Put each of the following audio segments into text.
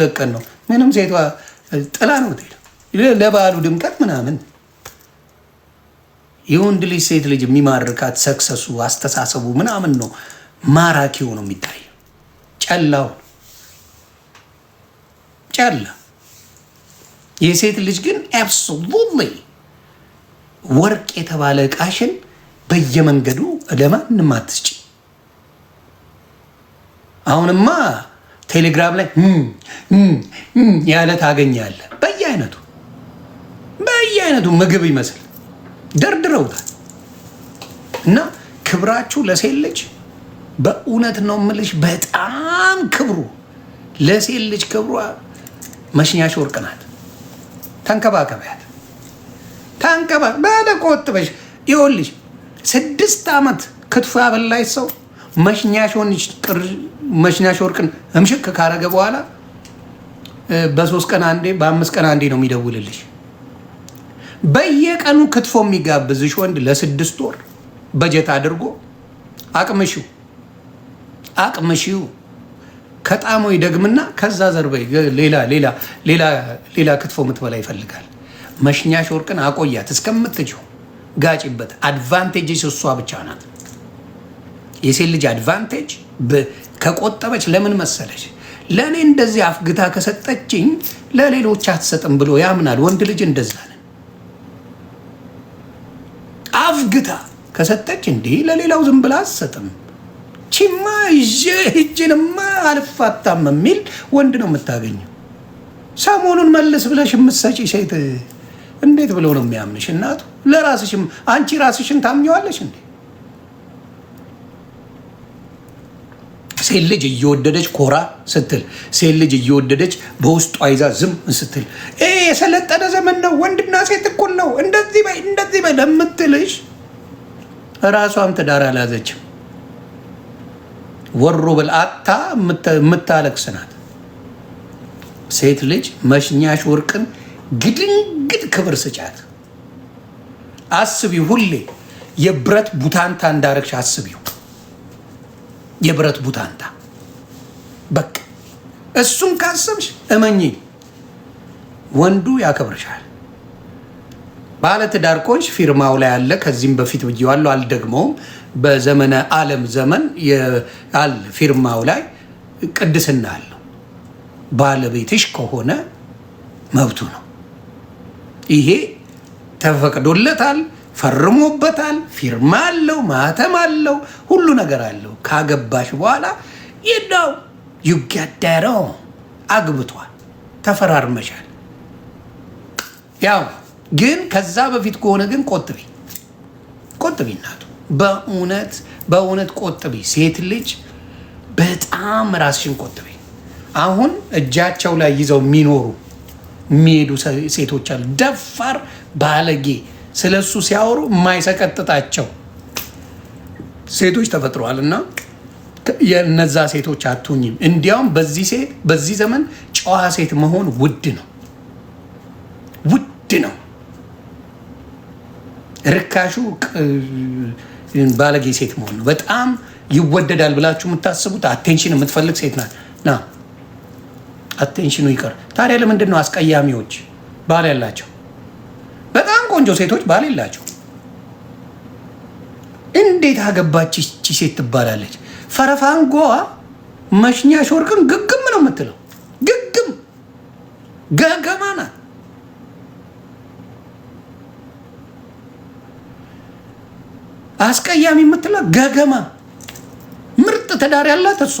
ለቀን ነው ምንም ሴቷ ጥላ ነው ለበዓሉ ድምቀት ምናምን የወንድ ልጅ ሴት ልጅ የሚማርካት ሰክሰሱ፣ አስተሳሰቡ ምናምን ነው ማራኪው ነው የሚታየው። ጨላው ጨላ የሴት ልጅ ግን አብሶሉትሊ ወርቅ የተባለ እቃሽን በየመንገዱ ለማንም አትስጪ። አሁንማ ቴሌግራም ላይ ያለ ታገኛለ። በየአይነቱ በየአይነቱ ምግብ ይመስል ደርድረውታል። እና ክብራችሁ ለሴት ልጅ በእውነት ነው ምልሽ፣ በጣም ክብሩ ለሴት ልጅ ክብሯ መሽኛሽ ወርቅ ናት። ተንከባከቢያት፣ ተንከባ በቆጥበሽ ይኸውልሽ ስድስት ዓመት ክትፎ ያበላሽ ሰው መሽኛሽ ጥር መሽናሽ ወርቅን እምሽክ ካረገ በኋላ በሶስት ቀን አንዴ በአምስት ቀን አንዴ ነው የሚደውልልሽ። በየቀኑ ክትፎ የሚጋብዝሽ ወንድ ለስድስት ወር በጀት አድርጎ አቅምሽው አቅምሽው ከጣሞ ይደግምና ከዛ ዘርበይ ሌላ ሌላ ሌላ ሌላ ክትፎ ምትበላ ይፈልጋል። መሽኛሽ ወርቅን አቆያት እስከምትችው ጋጭበት። አድቫንቴጅ እሷ ብቻ ናት። የሴት ልጅ አድቫንቴጅ ከቆጠበች ለምን መሰለች ለእኔ እንደዚህ አፍግታ ከሰጠችኝ ለሌሎች አትሰጥም ብሎ ያምናል። ወንድ ልጅ እንደዛ ነን። አፍግታ ከሰጠች እንዲህ ለሌላው ዝም ብላ አትሰጥም፣ ቺማ ይዤ እጅንማ አልፋታም የሚል ወንድ ነው የምታገኘው። ሰሞኑን መልስ ብለሽ የምትሰጪ ሴት እንዴት ብሎ ነው የሚያምንሽ? እናቱ ለራስሽም አንቺ ራስሽን ታምኘዋለሽ እንዴ? ሴት ልጅ እየወደደች ኮራ ስትል፣ ሴት ልጅ እየወደደች በውስጡ አይዛ ዝም ስትል፣ ይሄ የሰለጠነ ዘመን ነው፣ ወንድና ሴት እኩል ነው፣ እንደዚህ በይ እንደዚህ በይ ለምትልሽ ራሷም ትዳር አልያዘችም። ወሮ ብልአታ የምታለቅስ ናት። ሴት ልጅ መሽኛሽ ወርቅን ግድንግድ ክብር ስጫት። አስቢው፣ ሁሌ የብረት ቡታንታ እንዳረግሽ አስቢው። የብረት ቡታንታ በቃ እሱን ካሰብሽ እመኝ ወንዱ ያከብርሻል። ባለ ትዳር ኮንሽ ፊርማው ላይ አለ። ከዚህም በፊት ብያዋለሁ፣ አልደግመውም። በዘመነ ዓለም ዘመን አለ ፊርማው ላይ ቅድስና አለው። ባለቤትሽ ከሆነ መብቱ ነው። ይሄ ተፈቅዶለታል። ፈርሞበታል። ፊርማ አለው፣ ማተም አለው፣ ሁሉ ነገር አለው። ካገባሽ በኋላ ይዳው ይጋዳረው አግብቷል፣ ተፈራርመሻል። ያው ግን ከዛ በፊት ከሆነ ግን ቆጥቢ ቆጥቢ፣ እናቱ በእውነት በእውነት ቆጥቢ። ሴት ልጅ በጣም ራስሽን ቆጥቢ። አሁን እጃቸው ላይ ይዘው የሚኖሩ የሚሄዱ ሴቶች አሉ፣ ደፋር ባለጌ ስለ እሱ ሲያወሩ የማይሰቀጥጣቸው ሴቶች ተፈጥረዋል እና የነዛ ሴቶች አትሁኝም። እንዲያውም በዚህ ሴት በዚህ ዘመን ጨዋ ሴት መሆን ውድ ነው፣ ውድ ነው። ርካሹ ባለጌ ሴት መሆን ነው። በጣም ይወደዳል ብላችሁ የምታስቡት አቴንሽን የምትፈልግ ሴት ናት ና አቴንሽኑ ይቀር። ታዲያ ለምንድን ነው አስቀያሚዎች ባል ያላቸው በጣም ቆንጆ ሴቶች ባል የላቸው። እንዴት አገባች ይቺ ሴት ትባላለች። ፈረፋንጎዋ መሽኛ ሾርቅን ግግም ነው የምትለው። ግግም ገገማ ናት። አስቀያሚ የምትለው ገገማ ምርጥ ትዳር ያላት እሷ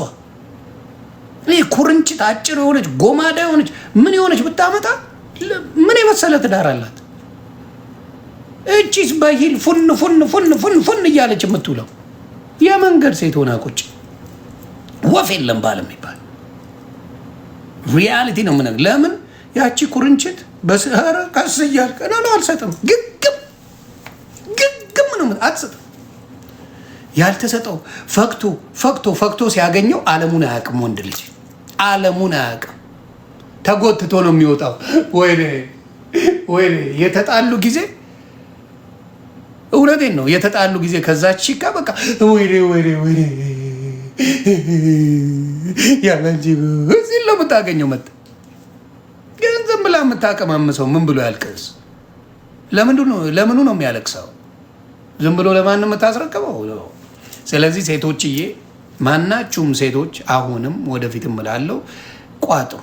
ይህ ኩርንችት አጭር የሆነች ጎማዳ የሆነች ምን የሆነች ብታመጣ ምን የመሰለ ትዳር አላት። እቺስ በሂል ፉን ፉን ፉን ፉን ፉን እያለች የምትውለው የመንገድ ሴት ሆና ቁጭ ወፍ የለም ባል የሚባል ሪያሊቲ ነው። ምን ለምን ያቺ ቁርንችት በስህረ ቀስ እያልክ ነው አልሰጥም፣ ግግም ግግም ነው አትሰጥም። ያልተሰጠው ፈክቶ ፈክቶ ፈክቶ ሲያገኘው ዓለሙን አያውቅም። ወንድ ልጅ ዓለሙን አያውቅም። ተጎትቶ ነው የሚወጣው። ወይኔ ወይኔ የተጣሉ ጊዜ እውነቴን ነው። የተጣሉ ጊዜ ከዛች ጋ በቃ ወይሬ ወይሬ ወይሬ ያለንጂ እዚህ ለው የምታገኘው። መጥ ገንዘብ ብላ የምታቀማምሰው ምን ብሎ ያልቅስ? ለምኑ ነው የሚያለቅሰው? ዝም ብሎ ለማን የምታስረክበው። ስለዚህ ሴቶችዬ፣ ማናችሁም ሴቶች አሁንም ወደፊት እላለሁ ቋጥሩ፣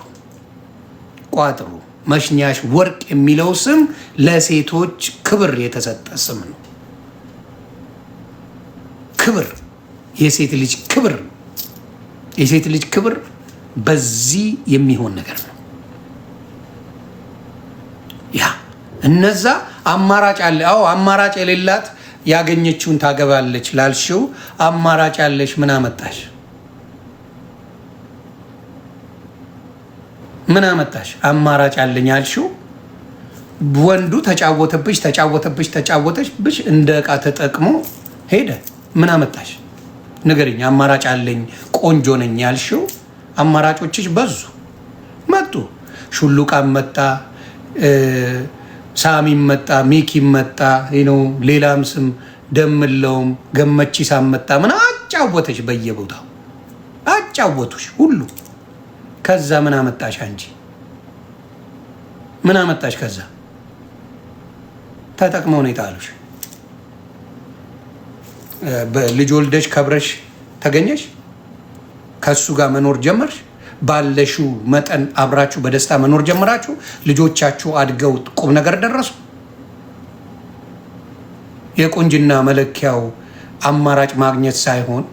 ቋጥሩ መሽኛሽ ወርቅ የሚለው ስም ለሴቶች ክብር የተሰጠ ስም ነው። ክብር የሴት ልጅ ክብር የሴት ልጅ ክብር በዚህ የሚሆን ነገር ነው። ያ እነዛ አማራጭ አለ። አዎ አማራጭ የሌላት ያገኘችውን ታገባለች ላልሽው አማራጭ አለሽ። ምን አመጣሽ? ምን አመጣሽ? አማራጭ አለኝ አልሽው። ወንዱ ተጫወተብሽ፣ ተጫወተብሽ፣ ተጫወተብሽ እንደ ዕቃ ተጠቅሞ ሄደ። ምን አመጣሽ ንገርኝ። አማራጭ አለኝ ቆንጆ ነኝ ያልሽው አማራጮችሽ በዙ መጡ። ሹሉቃም መጣ፣ ሳሚም መጣ፣ ሚኪም መጣ፣ ነው ሌላም ስም ደምለውም ገመቺሳም መጣ። ምን አጫወተሽ በየቦታው አጫወቱሽ ሁሉ። ከዛ ምን አመጣሽ አንቺ? ምን አመጣሽ? ከዛ ተጠቅመው ነው የጣሉሽ። ልጅ ወልደሽ ከብረሽ ተገኘሽ፣ ከእሱ ጋር መኖር ጀመርሽ፣ ባለሽው መጠን አብራችሁ በደስታ መኖር ጀምራችሁ ልጆቻችሁ አድገው ቁም ነገር ደረሱ። የቁንጅና መለኪያው አማራጭ ማግኘት ሳይሆን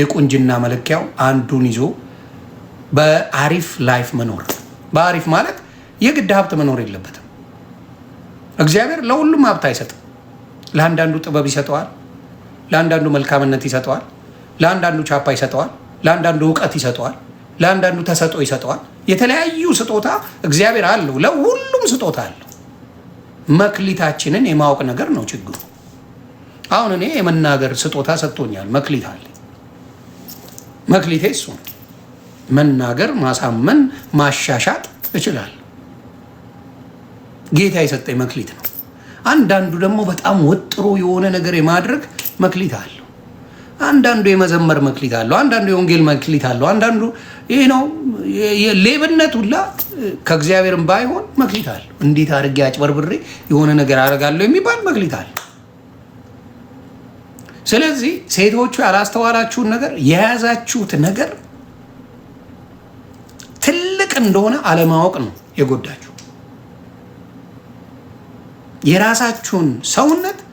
የቁንጅና መለኪያው አንዱን ይዞ በአሪፍ ላይፍ መኖር። በአሪፍ ማለት የግድ ሀብት መኖር የለበትም። እግዚአብሔር ለሁሉም ሀብት አይሰጥም። ለአንዳንዱ ጥበብ ይሰጠዋል ለአንዳንዱ መልካምነት ይሰጠዋል፣ ለአንዳንዱ ቻፓ ይሰጠዋል፣ ለአንዳንዱ እውቀት ይሰጠዋል፣ ለአንዳንዱ ተሰጦ ይሰጠዋል። የተለያዩ ስጦታ እግዚአብሔር አለው። ለሁሉም ስጦታ አለው። መክሊታችንን የማወቅ ነገር ነው ችግሩ። አሁን እኔ የመናገር ስጦታ ሰጥቶኛል፣ መክሊት አለ። መክሊቴ እሱ ነው። መናገር፣ ማሳመን፣ ማሻሻጥ እችላለሁ። ጌታ የሰጠኝ መክሊት ነው። አንዳንዱ ደግሞ በጣም ወጥሮ የሆነ ነገር የማድረግ መክሊት አለው። አንዳንዱ የመዘመር መክሊት አለው፣ አንዳንዱ የወንጌል መክሊት አለው፣ አንዳንዱ ይህ ነው ሌብነት ሁላ ከእግዚአብሔርም ባይሆን መክሊት አለው። እንዴት አድርጌ አጭበርብሬ የሆነ ነገር አደርጋለሁ የሚባል መክሊት አለ። ስለዚህ ሴቶቹ ያላስተዋላችሁን ነገር የያዛችሁት ነገር ትልቅ እንደሆነ አለማወቅ ነው የጎዳችሁ የራሳችሁን ሰውነት